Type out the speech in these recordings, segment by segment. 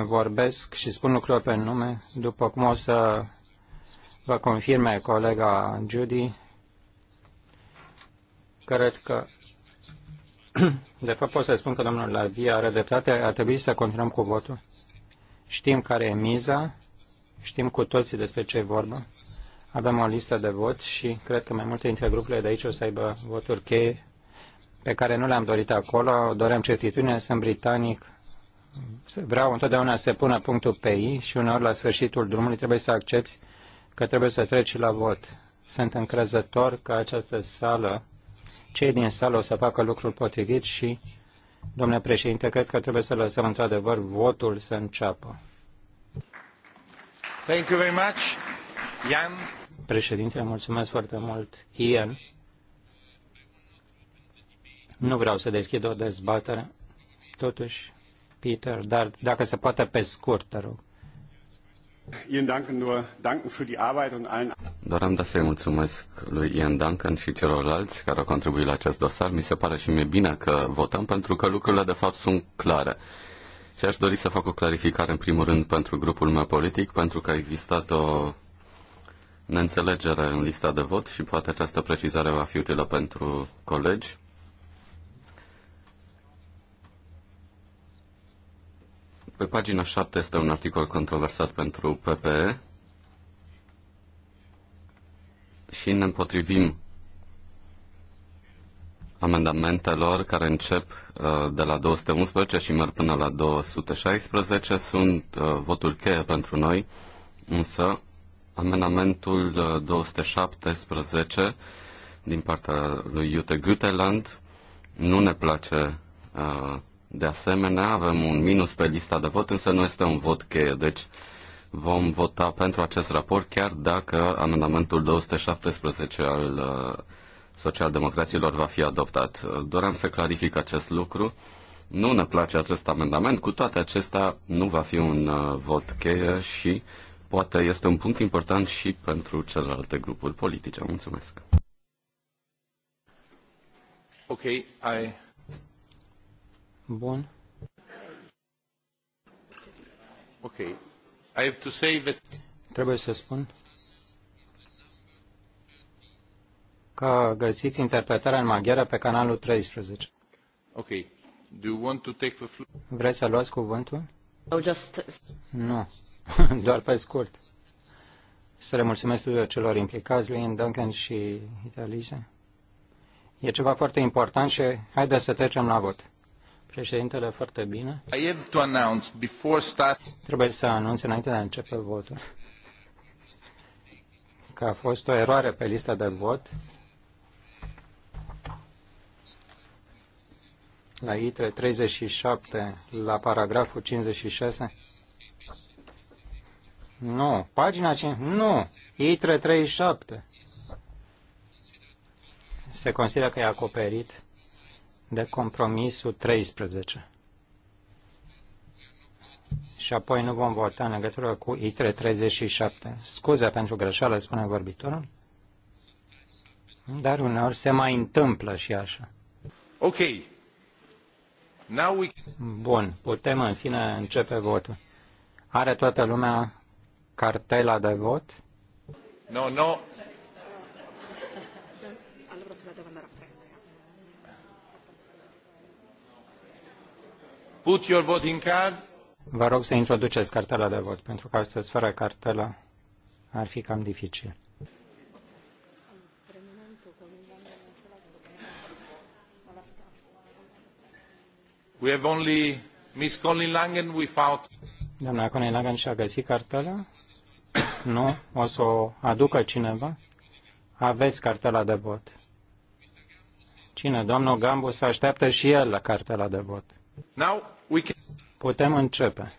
vorbesc și spun lucrurile pe nume, după cum o să vă confirme colega Judy, cred că, de fapt pot să spun că domnul Lavi are dreptate, ar trebui să continuăm cu votul. Știm care e miza, știm cu toții despre ce e vorba. Avem o listă de vot și cred că mai multe dintre grupurile de aici o să aibă voturi cheie pe care nu le-am dorit acolo. Dorem certitudine, sunt britanic, vreau întotdeauna să pună punctul pe I și uneori la sfârșitul drumului trebuie să accepti că trebuie să treci la vot. Sunt încrezător că această sală, cei din sală o să facă lucrul potrivit și, domnule președinte, cred că trebuie să lăsăm într-adevăr votul să înceapă. Thank you very much, Ian. Președinte, mulțumesc foarte mult, Ian. Nu vreau să deschid o dezbatere, totuși Peter, dar dacă se poate pe scurt, te rog. Doream da să-i mulțumesc lui Ian Duncan și celorlalți care au contribuit la acest dosar. Mi se pare și mie bine că votăm pentru că lucrurile de fapt sunt clare. Și aș dori să fac o clarificare în primul rând pentru grupul meu politic, pentru că a existat o neînțelegere în lista de vot și poate această precizare va fi utilă pentru colegi. Pe pagina 7 este un articol controversat pentru PPE și ne împotrivim amendamentelor care încep uh, de la 211 și merg până la 216 sunt uh, votul cheie pentru noi, însă amendamentul 217 uh, din partea lui Jute Guteland nu ne place de asemenea, avem un minus pe lista de vot, însă nu este un vot cheie, deci vom vota pentru acest raport, chiar dacă amendamentul 217 al uh, socialdemocraților va fi adoptat. Doream să clarific acest lucru. Nu ne place acest amendament, cu toate acestea nu va fi un uh, vot cheie și poate este un punct important și pentru celelalte grupuri politice. Mulțumesc. Okay, I Bun. Ok. I have to say that... Trebuie să spun că găsiți interpretarea în maghiară pe canalul 13. Ok. Do you want to take the flu- Vreți să luați cuvântul? No, just... Nu. Doar pe scurt. Să le mulțumesc tuturor celor implicați, lui Ian Duncan și Italise. E ceva foarte important și haideți să trecem la vot. Președintele, foarte bine. I have to announce before start... Trebuie să anunț înainte de a începe votul că a fost o eroare pe lista de vot la ITRE 37, la paragraful 56. Nu, pagina 5, nu, ITRE 37. Se consideră că e acoperit de compromisul 13. Și apoi nu vom vota în legătură cu ITRE 37. Scuze pentru greșeală, spune vorbitorul. Dar uneori se mai întâmplă și așa. Ok. Now we... Bun, putem în fine începe votul. Are toată lumea cartela de vot? No, no, Put your voting card. Vă rog să introduceți cartela de vot, pentru că astăzi fără cartela ar fi cam dificil. We have only Miss Colin Langen we Doamna Colin Langen și-a găsit cartela? Nu? O să o aducă cineva? Aveți cartela de vot. Cine? Domnul Gambu se așteaptă și el la cartela de vot. Putem începe.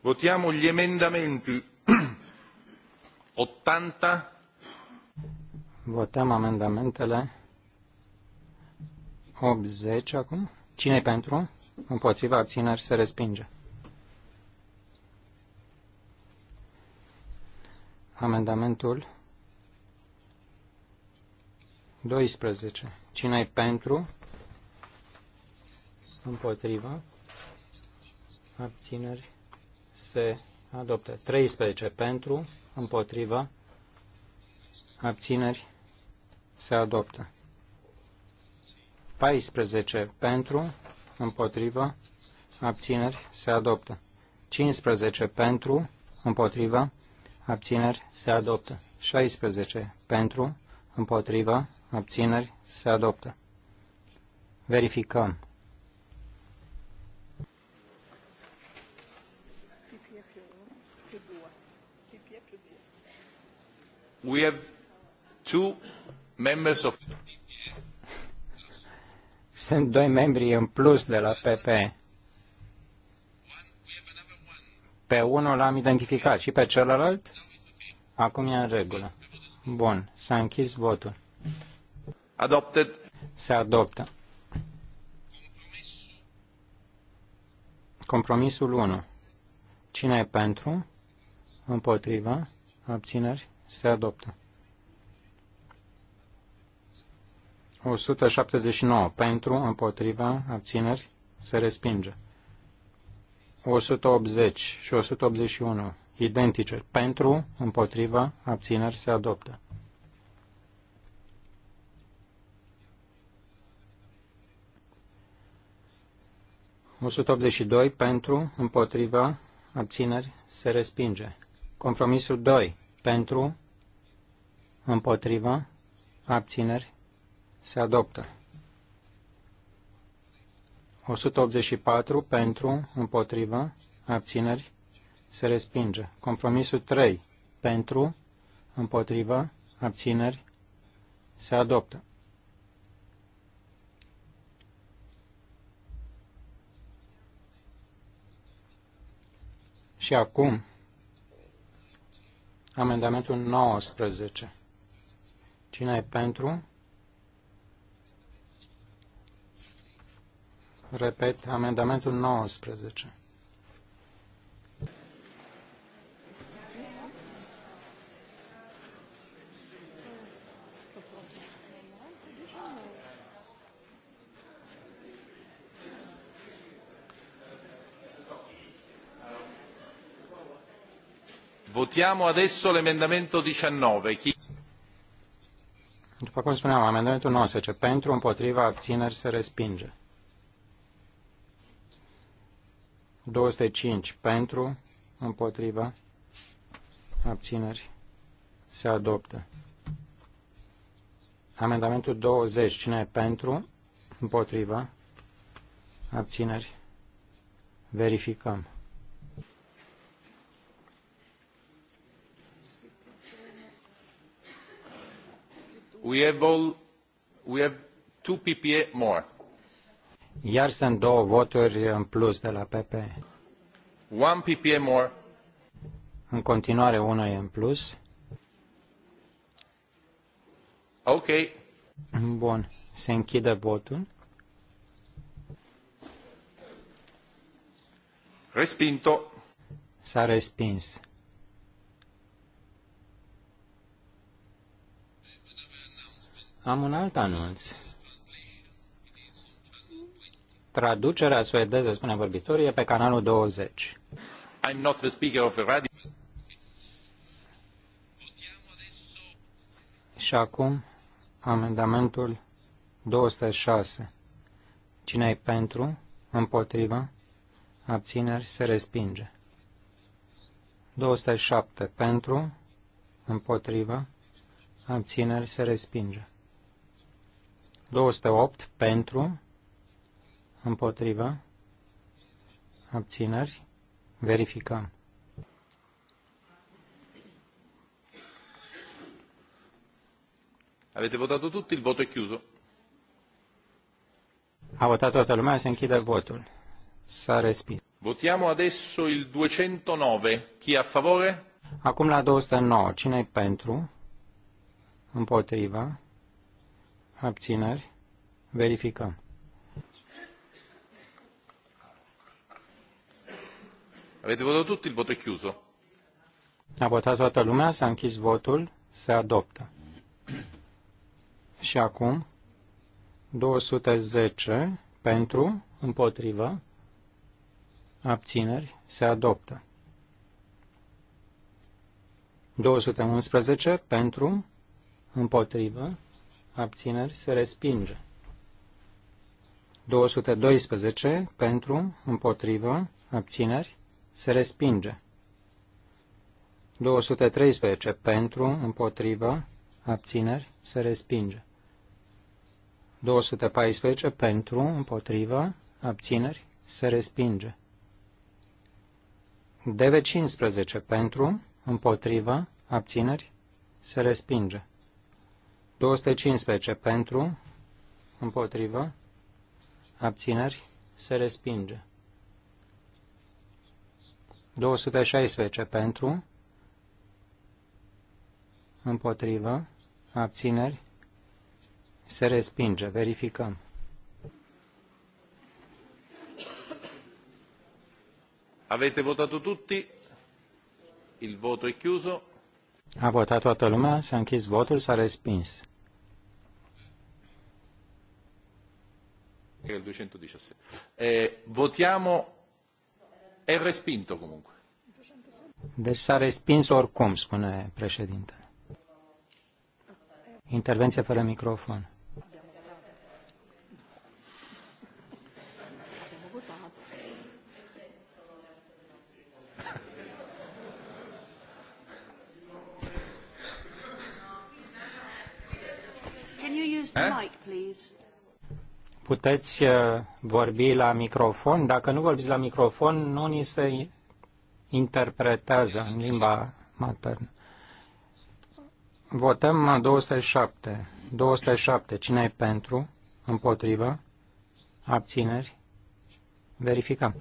Votiamo gli emendamenti 80. Votăm amendamentele 80 acum. cine pentru? Împotriva abțineri se respinge. Amendamentul 12. cine e pentru? Împotrivă. Abțineri. Se adoptă. 13. Pentru. Împotrivă. Abțineri. Se adoptă. 14. Pentru. Împotrivă. Abțineri. Se adoptă. 15. Pentru. Împotrivă. Abțineri. Se adoptă. 16. Pentru. Împotrivă abțineri, se adoptă. Verificăm. We have two members of Sunt doi membri în plus de la PP. Pe unul l-am identificat și pe celălalt? Acum e în regulă. Bun, s-a închis votul. Adopted. Se adoptă. Compromisul 1. Cine e pentru? Împotriva? Abțineri? Se adoptă. 179. Pentru, împotriva, abțineri, se respinge. 180 și 181. Identice. Pentru, împotriva, abțineri, se adoptă. 182 pentru, împotriva, abțineri, se respinge. Compromisul 2 pentru, împotriva, abțineri, se adoptă. 184 pentru, împotriva, abțineri, se respinge. Compromisul 3 pentru, împotriva, abțineri, se adoptă. Și acum, amendamentul 19. Cine e pentru? Repet, amendamentul 19. Votiamo adesso l'emendamento 19. Chi... După cum spuneam, amendamentul 19. Pentru, împotriva, abțineri se respinge. 205. Pentru, împotriva, abțineri se adoptă. Amendamentul 20. Cine e pentru? Împotriva? Abțineri? Verificăm. Iar sunt două voturi în plus de la PP. One PPA more. În continuare, una e în plus. Ok. Bun. Se închide votul. Respinto. S-a respins. Am un alt anunț. Traducerea suedeză, spune vorbitorie e pe canalul 20. I'm not the speaker of the radio. Și acum amendamentul 206. Cine e pentru, împotriva, abțineri, se respinge. 207. Pentru, împotriva, abțineri, se respinge. 208 pentru, împotrivă, abțineri, verificăm. Avete votato tutti, il voto è chiuso. A votat toată lumea, se închide votul. S-a respins. Votiamo adesso il 209. Chi è a favore? Acum la 209. Cine è pentru? Împotriva? abțineri, verificăm. Avete votat tot, il voto e chiuso. A votat toată lumea, s-a închis votul, se adoptă. Și acum, 210 pentru, împotrivă, abțineri, se adoptă. 211 pentru, împotrivă, abțineri, se respinge. 212 pentru, împotrivă, abțineri, se respinge. 213 pentru, împotrivă, abțineri, se respinge. 214 pentru, împotrivă, abțineri, se respinge. DV15 pentru, împotrivă, abțineri, se respinge. 215 pentru, împotrivă, abțineri, se respinge. 216 pentru, împotrivă, abțineri, se respinge. Verificăm. Avete votato tutti? Il voto è chiuso. A votat toată lumea, s-a închis votul, s-a respins. Il 217. Eh, votiamo, è respinto comunque. Deci s-a respins oricum, spune președintele. Intervenție fără microfon. Eh? Puteți eh, vorbi la microfon. Dacă nu vorbiți la microfon, nu ni se interpretează în limba maternă. Votăm 207. 207. Cine e pentru? Împotrivă? Abțineri? Verificăm.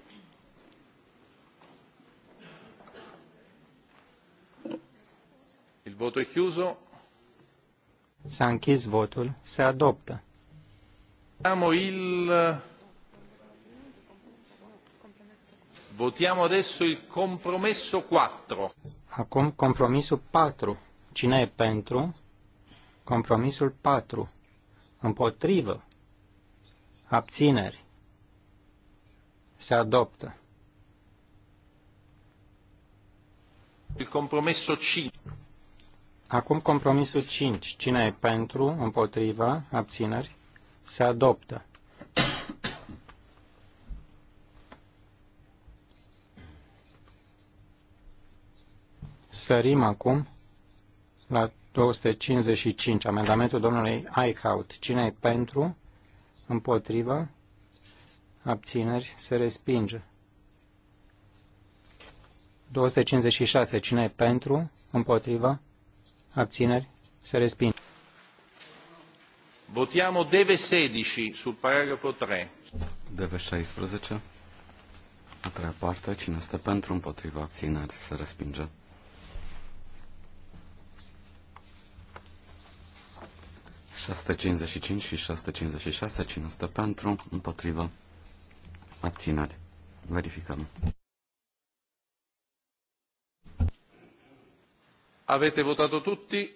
Il voto è chiuso. S-a închis votul. Se adoptă. Votiamo il... Votiamo adesso il compromesso 4. Acum compromisul 4. Cine e pentru? Compromisul 4. Împotrivă. Abțineri. Se adoptă. Il compromesso 5. Acum compromisul 5. Cine e pentru, împotriva, abțineri, se adoptă. Sărim acum la 255, amendamentul domnului Eichhout. Cine e pentru, împotriva, abțineri, se respinge. 256. Cine e pentru, împotriva, Abțineri? Se respinge. Votiamo DV16 sul paragrafo 3. DV16. A treia parte. Cine este pentru, împotriva, abțineri, se respinge. Șase cincizeci cinci și 656 cincizeci șase. Cine este pentru, împotriva, abțineri. Verificăm. Avete votato tutti?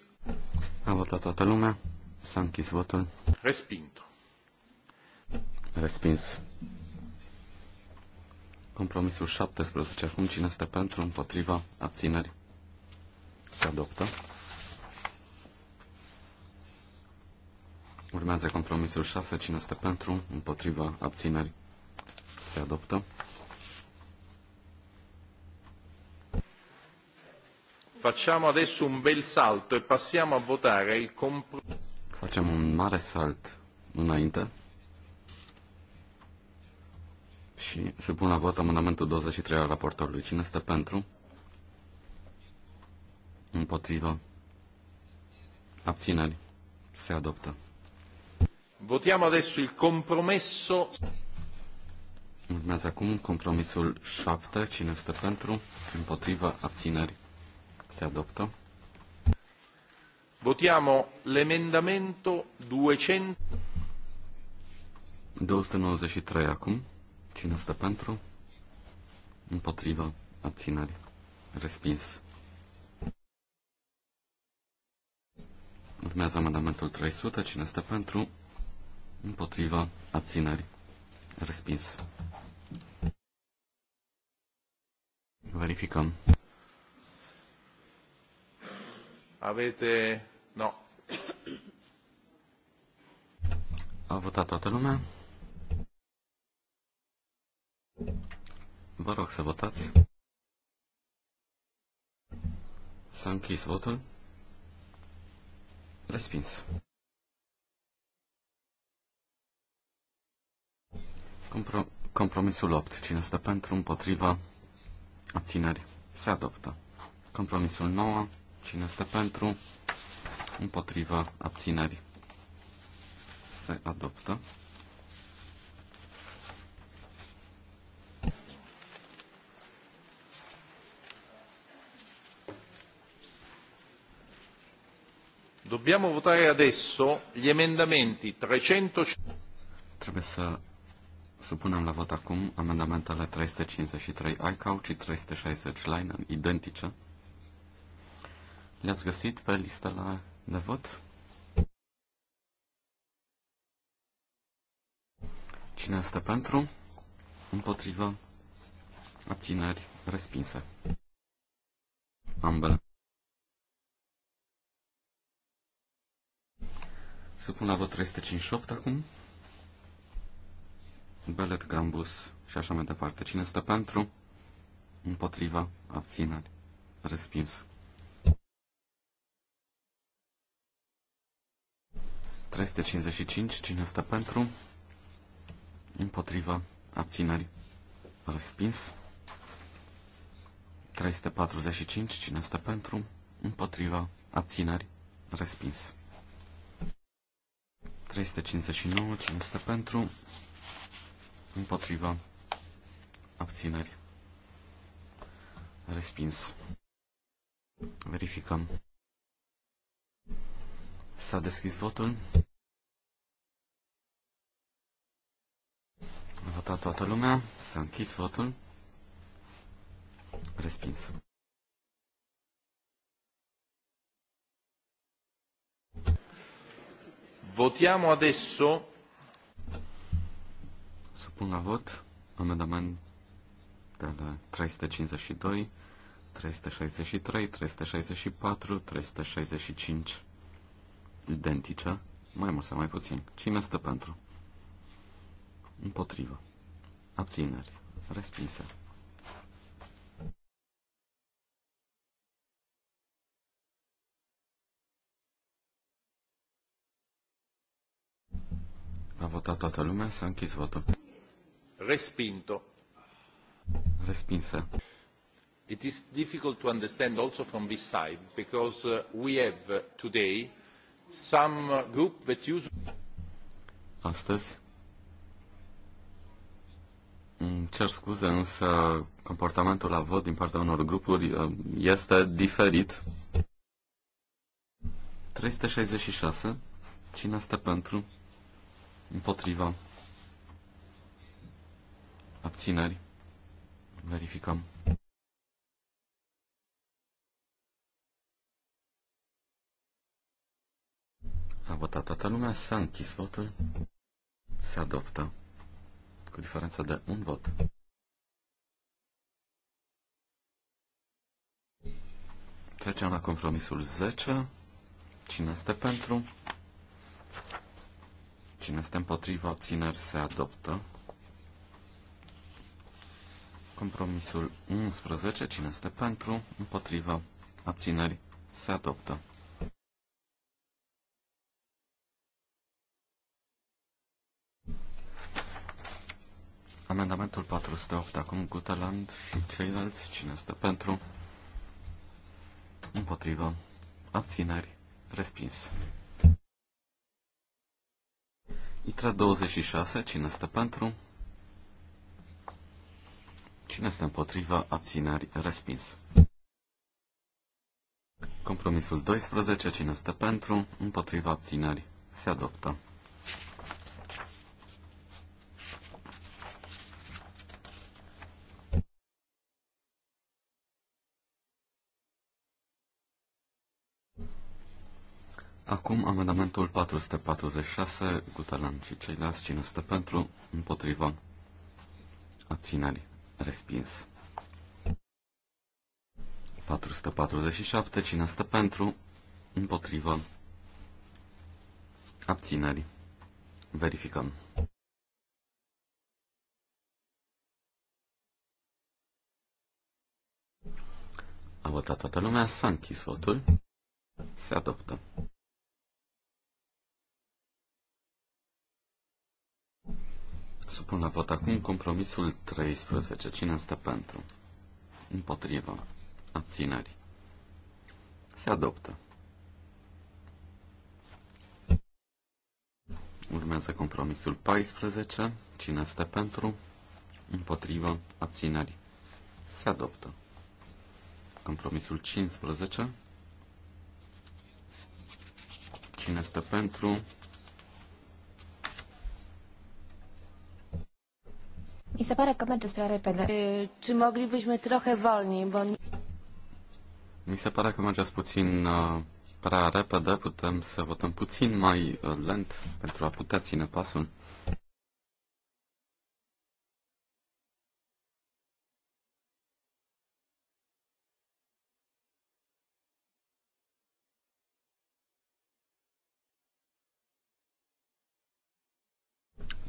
A votat toată lumea. S-a închis votul. Respinto. Respins. Compromisul 17. Acum cine este pentru, împotriva, abțineri? Se adoptă. Urmează compromisul 6. Cine este pentru, împotriva, abțineri? Se adoptă. Facciamo adesso un bel salto e passiamo a votare il compromesso. Facem un mare salt înainte și se pun la vot amendamentul 23 al raportorului. Cine este pentru? Împotrivă. Abțineri. Se adoptă. Votiamo adesso il compromesso. Urmează acum compromisul 7. Cine este pentru? Împotrivă. Abțineri. Se adoptă. Votiamo l'emendamento 200. 293 acum. Cine stă pentru? Împotrivă. Abținere. Respins. Urmează amendamentul 300. Cine stă pentru? Împotrivă. Abținere. Respins. Verificăm. Avete... No. A votat toată lumea? Vă rog să votați. S-a închis votul. Respins. Compro- compromisul 8. Cine stă pentru, împotriva, abțineri, se adoptă. Compromisul 9. Cine este pentru? Împotriva abținerii. Se adoptă. Dobbiamo votare adesso gli emendamenti 300... Trebuie să supunem la vot acum amendamentele 353 ICAU și 360 Line, identice. Le-ați găsit pe la de vot? Cine este pentru? Împotrivă? Abțineri? Respinse. Ambele. Supun la vot 358 acum. Belet, Gambus și așa mai departe. Cine este pentru? Împotriva, abțineri, Respinse? 355. Cine stă pentru? Împotriva. Abțineri. Respins. 345. Cine stă pentru? Împotriva. Abțineri. Respins. 359. Cine stă pentru? Împotriva. Abțineri. Respins. Verificăm. S-a deschis votul. A votat toată lumea. S-a închis votul. Respins. Votiamo adesso. Supun la vot amendament de la 352, 363, 364, 365 identice, mai mult sau mai puțin. Cine stă pentru? Împotrivă. Abțineri. Respinse. A votat toată lumea, s-a închis votul. Respinto. Respinse. It is difficult to understand also from this side because uh, we have uh, today Astăzi Cer scuze, însă comportamentul la vot din partea unor grupuri uh, este diferit. 366. Cine este pentru? Împotriva. Abțineri. Verificăm. A votat toată lumea, s-a închis votul, se adoptă cu diferență de un vot. Trecem la compromisul 10. Cine este pentru? Cine este împotriva obțineri se adoptă. Compromisul 11. Cine este pentru? Împotriva abțineri se adoptă. Amendamentul 408, acum Guteland și ceilalți, cine stă pentru? Împotrivă. Abțineri. Respins. Itra 26, cine stă pentru? Cine stă împotrivă? Abțineri. Respins. Compromisul 12, cine stă pentru? Împotrivă abțineri. Se adoptă. Acum amendamentul 446, Gutalan și ceilalți, cine stă pentru, împotriva, abținării, respins. 447, cine stă pentru, împotriva, abținării. Verificăm. A votat toată lumea, s-a închis votul, se adoptă. supun la vot acum compromisul 13. Cine este pentru? Împotrivă. Abțineri. Se adoptă. Urmează compromisul 14. Cine este pentru? Împotrivă. Abțineri. Se adoptă. Compromisul 15. Cine este pentru? Mi se pare că mergeți prea repede. Czy moglibyśmy trochę wolniej, bo... Mi se pare că mergeți puțin prea repede, putem să votăm puțin mai lent pentru a putea ține pasul.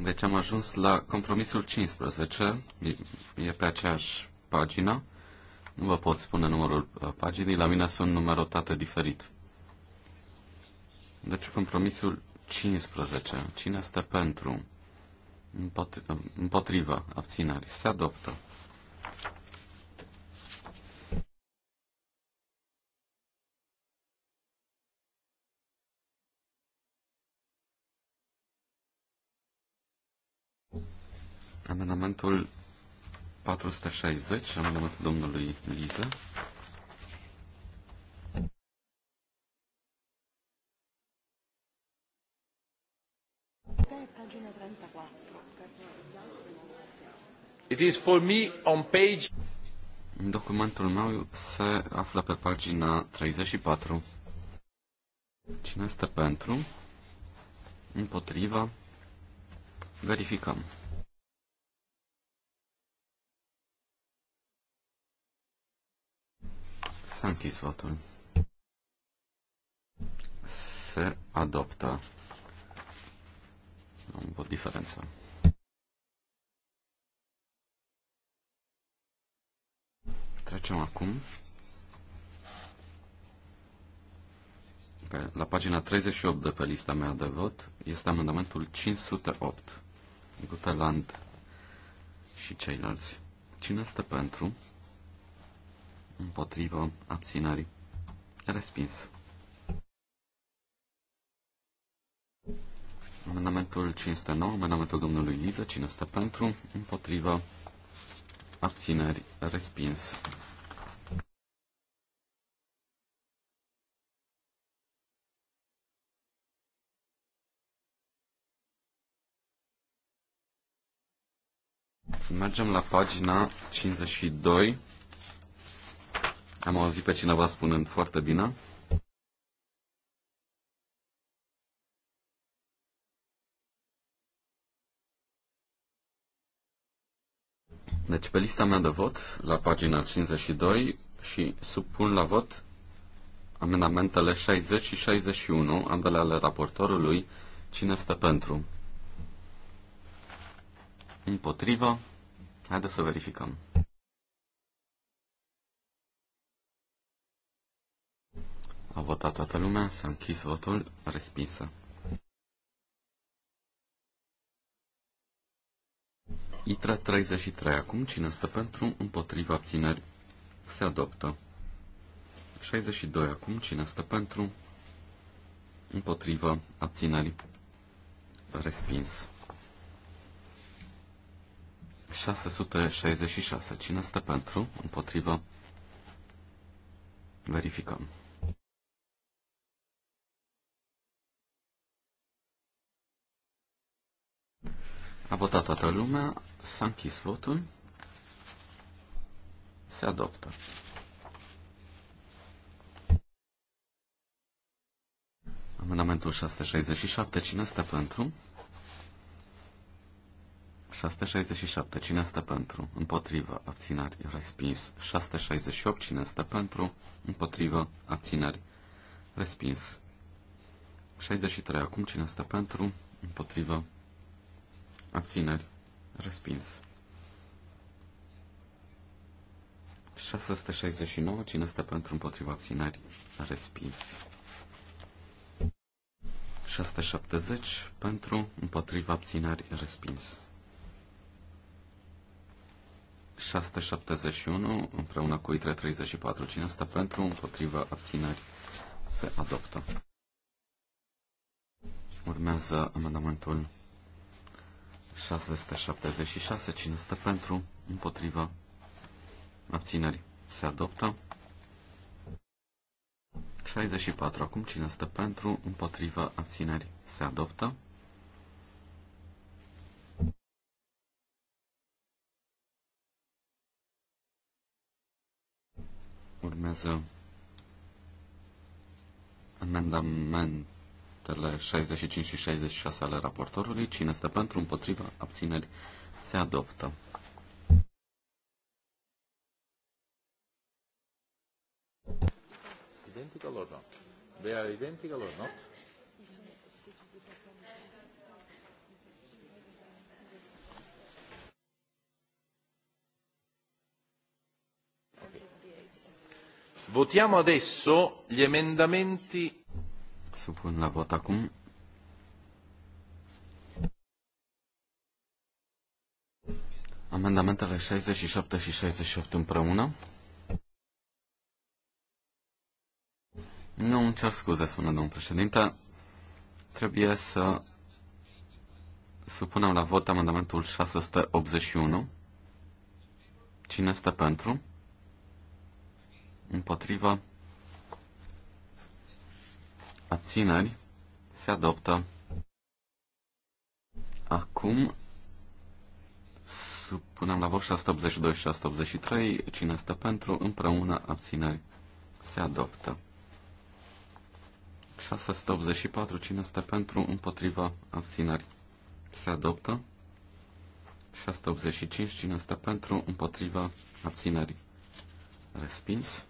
Deci am ajuns la compromisul 15, e pe aceeași pagină. Nu vă pot spune numărul uh, paginii, la mine sunt numerotate diferit. Deci compromisul 15. Cine este pentru? Împotri- împotriva abținerii. Se adoptă. Amendamentul 460, amendamentul domnului Liză. It is for me on page... Documentul meu se află pe pagina 34. Cine este pentru? Împotriva? Verificăm. S-a închis votul. Se adoptă. Am văd diferență. Trecem acum pe, la pagina 38 de pe lista mea de vot. Este amendamentul 508. Guteland și ceilalți. Cine este pentru? împotrivă, abținării. respins. Amendamentul 509, amendamentul domnului Liză, cine stă pentru, împotrivă, abțineri, respins. Mergem la pagina 52. Am auzit pe cineva spunând foarte bine. Deci pe lista mea de vot, la pagina 52, și supun la vot amendamentele 60 și 61, ambele ale raportorului, cine stă pentru. Împotrivă, haideți să verificăm. A votat toată lumea, s-a închis votul, respinsă. ITRA 33. Acum cine stă pentru, împotriva abțineri, se adoptă. 62. Acum cine stă pentru, împotriva abținerii, respins. 666. Cine stă pentru, împotriva, verificăm. A votat toată lumea, s-a închis votul, se adoptă. Amendamentul 667, cine stă pentru? 667, cine stă pentru? Împotrivă, abținari, respins. 668, cine stă pentru? Împotrivă, abținari, respins. 63, acum cine stă pentru? Împotrivă, abțineri, respins. 669, cine stă pentru împotriva abțineri, respins. 670, pentru împotriva abțineri, respins. 671, împreună cu ITRE 34, cine stă pentru împotriva abțineri, se adoptă. Urmează amendamentul 676. Cine este pentru? Împotriva. Abțineri. Se adoptă. 64. Acum cine este pentru? Împotriva. Abțineri. Se adoptă votele 65 și 66 ale raportorului. Cine este pentru, împotriva, abțineri, se adoptă. Identical or not? They are identical or not? Votiamo adesso gli emendamenti Supun la vot acum. Amendamentele 67 și 68 împreună. Nu, îmi cer scuze, spune domnul președinte. Trebuie să supunem la vot amendamentul 681. Cine este pentru? Împotriva? abțineri, se adoptă. Acum supunem la vot 682 și 683. Cine stă pentru, împreună, abțineri, se adoptă. 684. Cine stă pentru, împotriva, abțineri, se adoptă. 685. Cine stă pentru, împotriva, abțineri, respins.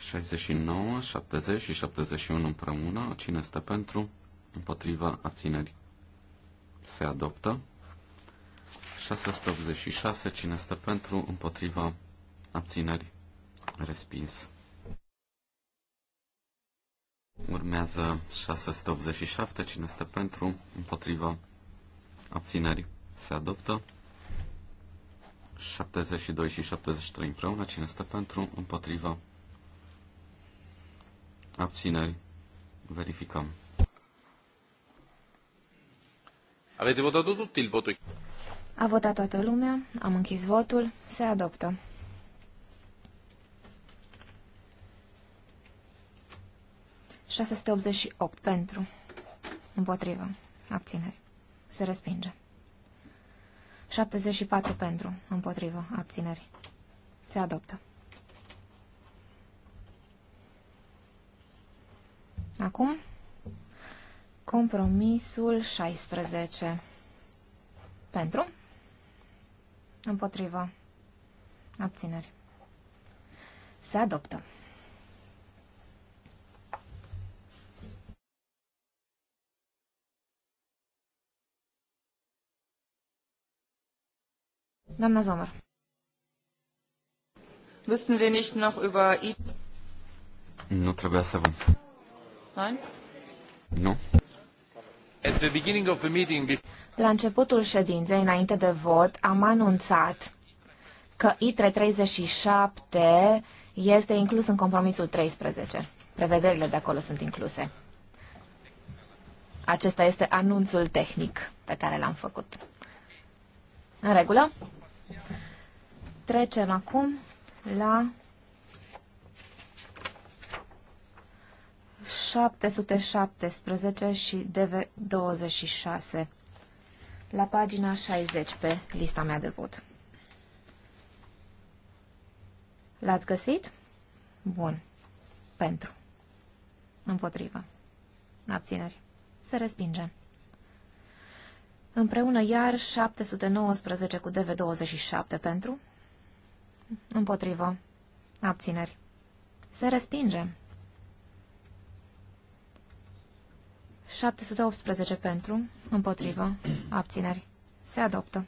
69, 70 și 71 împreună. Cine este pentru? Împotriva abținerii. Se adoptă. 686. Cine este pentru? Împotriva abținerii. Respins. Urmează 687. Cine este pentru? Împotriva abținerii. Se adoptă. 72 și 73 împreună. Cine este pentru? Împotriva abțineri, verificăm. Aveți votat tutti il voto? A votat toată lumea, am închis votul, se adoptă. opt pentru, împotrivă, abțineri, se respinge. 74 pentru, împotrivă, abțineri, se adoptă. Acum, compromisul 16. Pentru? Împotrivă. Abțineri. Se adoptă. Doamna Zomăr. Nu trebuia să vă la începutul ședinței, înainte de vot, am anunțat că ITRE 37 este inclus în compromisul 13. Prevederile de acolo sunt incluse. Acesta este anunțul tehnic pe care l-am făcut. În regulă? Trecem acum la 717 și DV26 la pagina 60 pe lista mea de vot. L-ați găsit? Bun. Pentru. Împotrivă. Abțineri. Se respinge. Împreună iar 719 cu DV27 pentru. Împotrivă. Abțineri. Se respinge. 718 pentru, împotrivă, abțineri, se adoptă.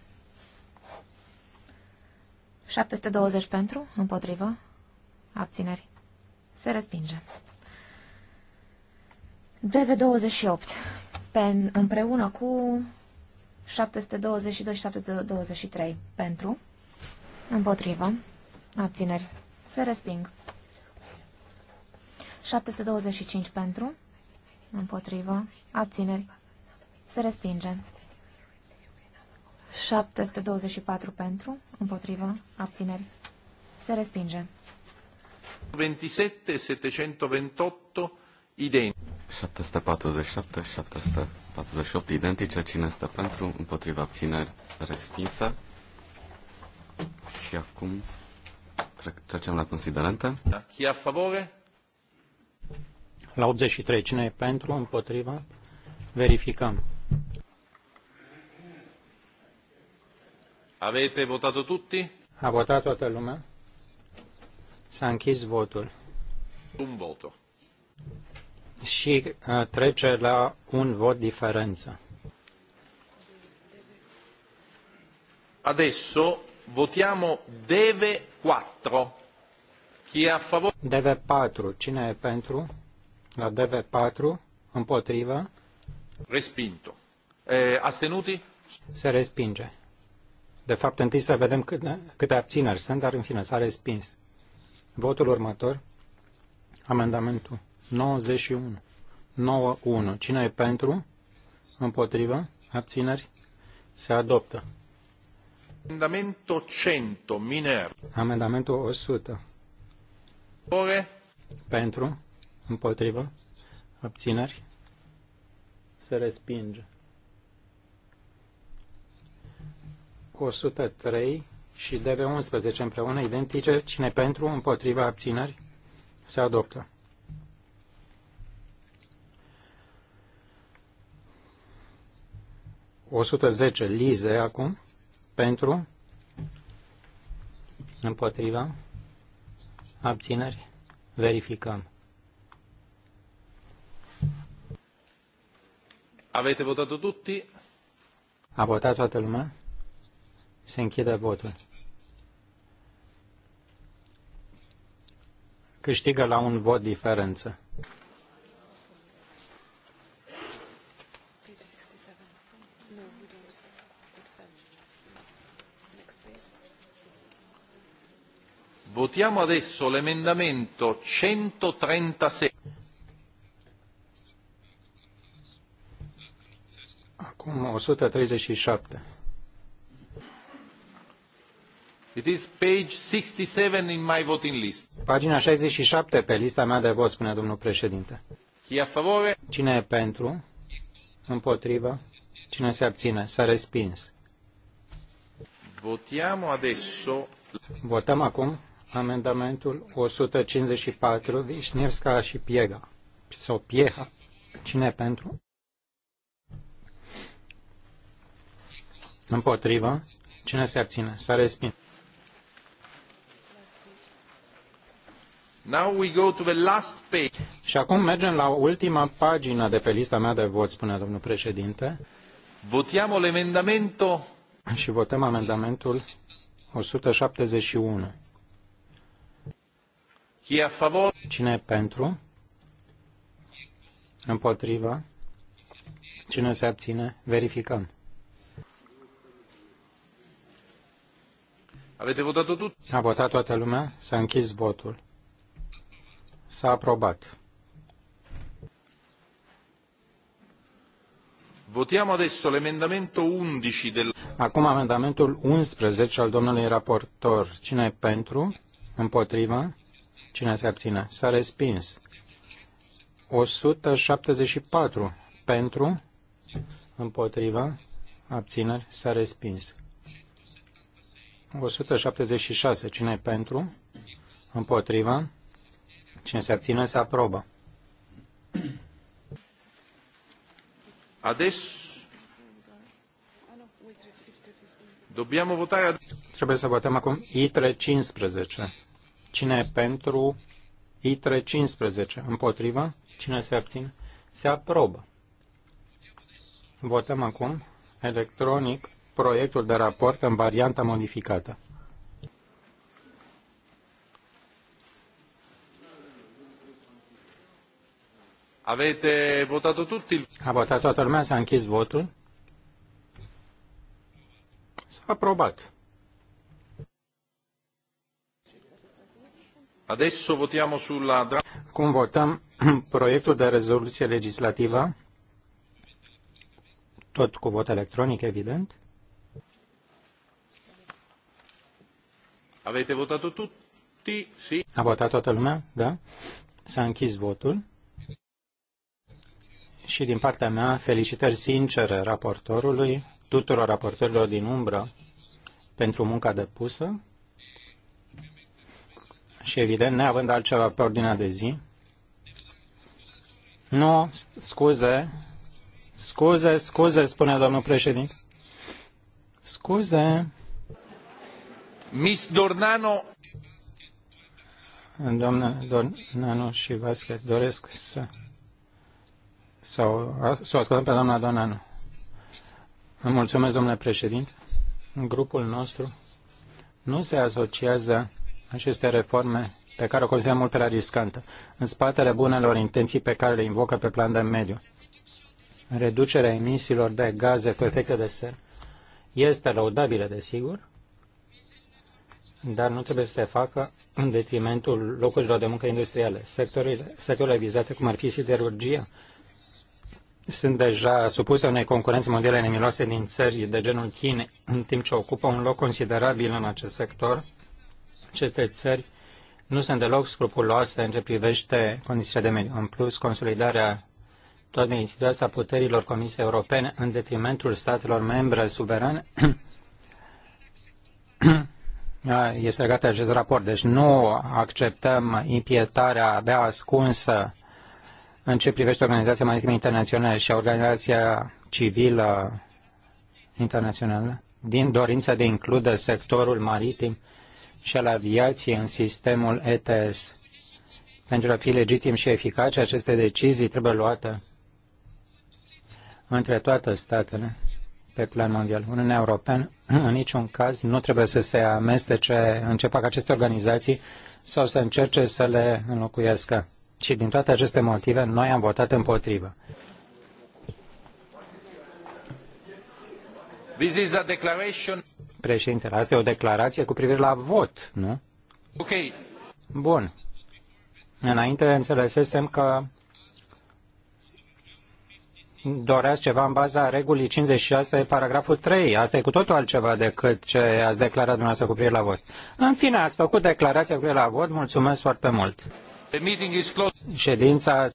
720 pentru, împotrivă, abțineri, se respinge. DV28, pen, împreună cu 722 și 723 pentru, împotrivă, abțineri, se resping. 725 pentru, împotrivă, abțineri, se respinge. 724 pentru, împotrivă, abțineri, se respinge. 27, 728, identice. 747, 748, identice. Cine stă pentru, Împotrivă. abțineri, respinsă. Și acum trecem la considerente. Da. Chi a favore? La 83, cine e pentru, împotriva? Verificăm. Avete votat tutti? A votat toată lumea. S-a închis votul. Un voto. Și uh, trece la un vot diferență. Adesso votiamo Deve 4. Chi è a favore? Deve 4. Cine e pentru? La DV4, împotrivă. Respinto. E, astenuti? Se respinge. De fapt, întâi să vedem câte, câte abțineri sunt, dar în fine s-a respins. Votul următor, amendamentul 91. 91. Cine e pentru? Împotrivă? Abțineri? Se adoptă. Amendamentul 100, miner. Amendamentul 100. Ore? Pentru? Împotrivă. Abțineri. Se respinge. 103 și DB11 împreună, identice, cine pentru, împotriva, abțineri, se adoptă. O 110 lize acum, pentru, împotriva, abțineri, verificăm. Avete votato tutti? A votat toată lumea? Se închide votul. Câștigă la un vot diferență. Votiamo adesso l'emendamento 136. Acum 137. It is page 67 in my voting list. Pagina 67 pe lista mea de vot, spune domnul președinte. Cine e pentru? Împotrivă? Cine se abține? S-a respins. Votiamo adesso... Votăm acum amendamentul 154, Vișnevska și Piega. Sau Pieha. Cine e pentru? Împotrivă. Cine se abține? S-a respins. Now we go to the last page. Și acum mergem la ultima pagină de pe lista mea de vot, spune domnul președinte. Votiamo l'emendamento. Și votăm amendamentul 171. Chi a favor? Cine e pentru? Împotriva? Cine se abține? Verificăm. Avete votat tot? A votat toată lumea? S-a închis votul. S-a aprobat. Votiamo adesso l'emendamento 11 del... Acum amendamentul 11 al domnului raportor. Cine e pentru? Împotrivă? Cine se abține? S-a respins. 174 pentru, împotrivă, abțineri, s-a respins. 176. Cine e pentru? Împotriva? Cine se abține se aprobă. Adesso Dobbiamo votare Trebuie să votăm acum ITRE 15. Cine e pentru ITRE 15? Împotriva? Cine se abține? Se aprobă. Votăm acum electronic proiectul de raport în varianta modificată. Avete votato tutti? Ha votat toată lumea, s-a închis votul. S-a aprobat. Adesso votiamo sulla... Cum votăm proiectul de rezoluție legislativă? Tot cu vot electronic, evident. Avete votat tutti? Sì. A votat toată lumea? Da. S-a închis votul. Și din partea mea, felicitări sincere raportorului, tuturor raportorilor din umbră, pentru munca depusă. Și evident, neavând altceva pe ordinea de zi, nu, scuze, scuze, scuze, spune domnul președinte. Scuze. Miss Dornano. Doamna Dornano și Vasquez doresc să să o ascultăm pe doamna Dornano. mulțumesc, domnule președinte. În grupul nostru nu se asociază aceste reforme pe care o considerăm mult prea riscantă, în spatele bunelor intenții pe care le invocă pe plan de mediu. Reducerea emisiilor de gaze cu efecte de seră este laudabilă, desigur, dar nu trebuie să se facă în detrimentul locurilor de muncă industriale. Sectorile, sectorile vizate, cum ar fi siderurgia, sunt deja supuse unei concurențe mondiale nemiloase din țări de genul Chinei, în timp ce ocupă un loc considerabil în acest sector. Aceste țări nu sunt deloc scrupuloase în ce privește condițiile de mediu. În plus, consolidarea tot din situația puterilor Comisiei Europene în detrimentul statelor membre suverane da, este legat de acest raport. Deci nu acceptăm impietarea abia ascunsă în ce privește Organizația Maritimă Internațională și Organizația Civilă Internațională, din dorința de include sectorul maritim și al aviației în sistemul ETS. Pentru a fi legitim și eficace, aceste decizii trebuie luate între toate statele pe plan mondial. Uniunea Europeană, în niciun caz, nu trebuie să se amestece în ce fac aceste organizații sau să încerce să le înlocuiască. Și din toate aceste motive, noi am votat împotrivă. This is a declaration... Președintele, asta e o declarație cu privire la vot, nu? Ok. Bun. Înainte înțelesesem că doreați ceva în baza regulii 56, paragraful 3. Asta e cu totul altceva decât ce ați declarat dumneavoastră cu privire la vot. În fine, ați făcut declarația cu privire la vot. Mulțumesc foarte mult. Ședința